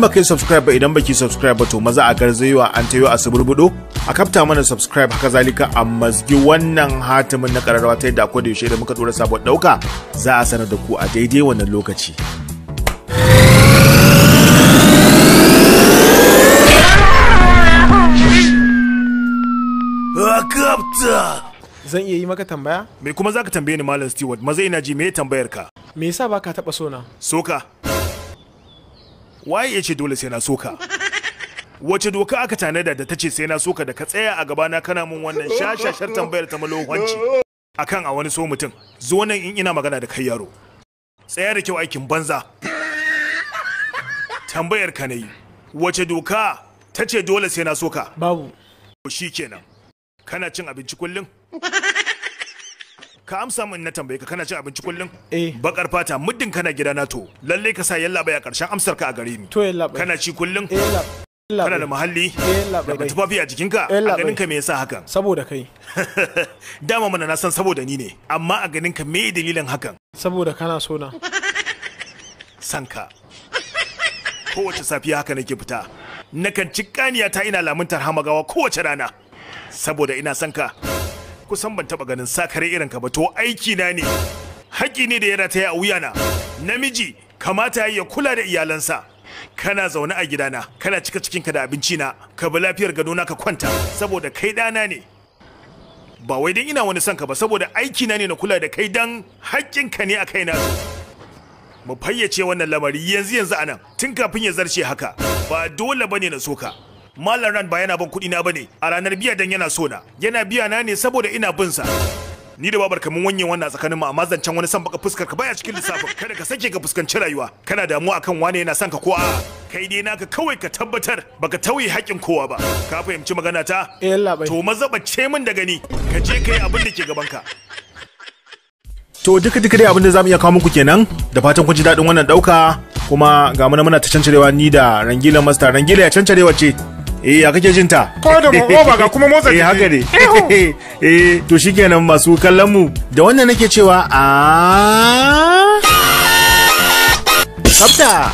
ba baka yi subscribe ba idan baki subscribe ba to maza a garzayewa an tayo a suburbudo a kafta mana subscribe haka zalika a mazgi wannan hatimin na kararwa ta yadda akwai da yaushe da muka dora sabo dauka za a sanar da ku a daidai wannan lokaci Kapta! Zan iya yi maka tambaya? Me kuma za ka tambaye ni Malam Stewart, maza ina ji me tambayar ka? Me yasa ba ka taɓa sona? Soka, waye ya ce dole sai na soka wace doka aka tanada da ta ce sai na soka da ka tsaya a gabana kana mun wannan shashashar tambayar ta malohanci akan a wani so mutum zo nan in ina magana da kai yaro tsaya da kyau aikin banza tambayar ka nayi wace doka ta ce dole sai na soka babu shi kenan kana cin abinci kullum ka amsa min na tambaye ka kana cin abinci kullum eh bakar fata muddin kana gida na to lalle ka sa yalla bai a karshen amsar ka a gare ni to kana ci kullum eh kana da muhalli eh tufafi a jikinka eh, a ganin ka me yasa hakan saboda kai dama mana na san saboda ni ne amma a ganin ka me dalilin hakan saboda kana so na sanka kowace safiya haka nake fita nakan ci kaniya ta ina lamuntar hamagawa kowace rana saboda ina sanka kusan ban taba ganin sakare irin ka ba to aiki na ne haƙi ne da yana ta yi a wuyana namiji kamata ya kula da iyalansa kana zaune a gidana kana cika cikin ka da abinci na ka bi lafiyar gadona ka kwanta saboda kai ɗana ne ba wai don ina wani son ka ba saboda aiki na ne na kula da kai dan ka ne a kaina mu fayyace wannan lamari yanzu yanzu anan tun kafin ya zarce haka ba dole bane na soka Mallam Ran ba yana bin kuɗi na bane a ranar biya dan yana so na. Yana biya na ne saboda ina bin sa. Ni da babar kamun wanyen wannan tsakanin mu amma zancen wani san baka fuskar ka baya cikin lissafin kada ka sake ka fuskanci rayuwa kana damuwa akan wane yana son ka ko a kai dai naka kawai ka tabbatar baka tauye haƙin kowa ba ka fahimci magana ta eh bai to mazabace min da gani ka je kai abin da ke gaban ka to duka duka dai abin da zamu iya kawo muku kenan da fatan kun ji daɗin wannan ɗauka kuma ga muna muna ta cancarewa ni da rangila master rangila ya cancarewa ce eh ya kake jinta ko da oba ga kuma motsa eh haka ne eh to shikenan masu kallon mu da wannan nake cewa a ah. tsafta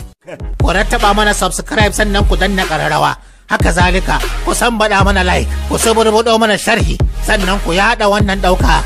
ku rattaba mana subscribe sannan ku danna kararrawa haka zalika ku san bada mana like ku saburbudo mana sharhi sannan ku yada wannan dauka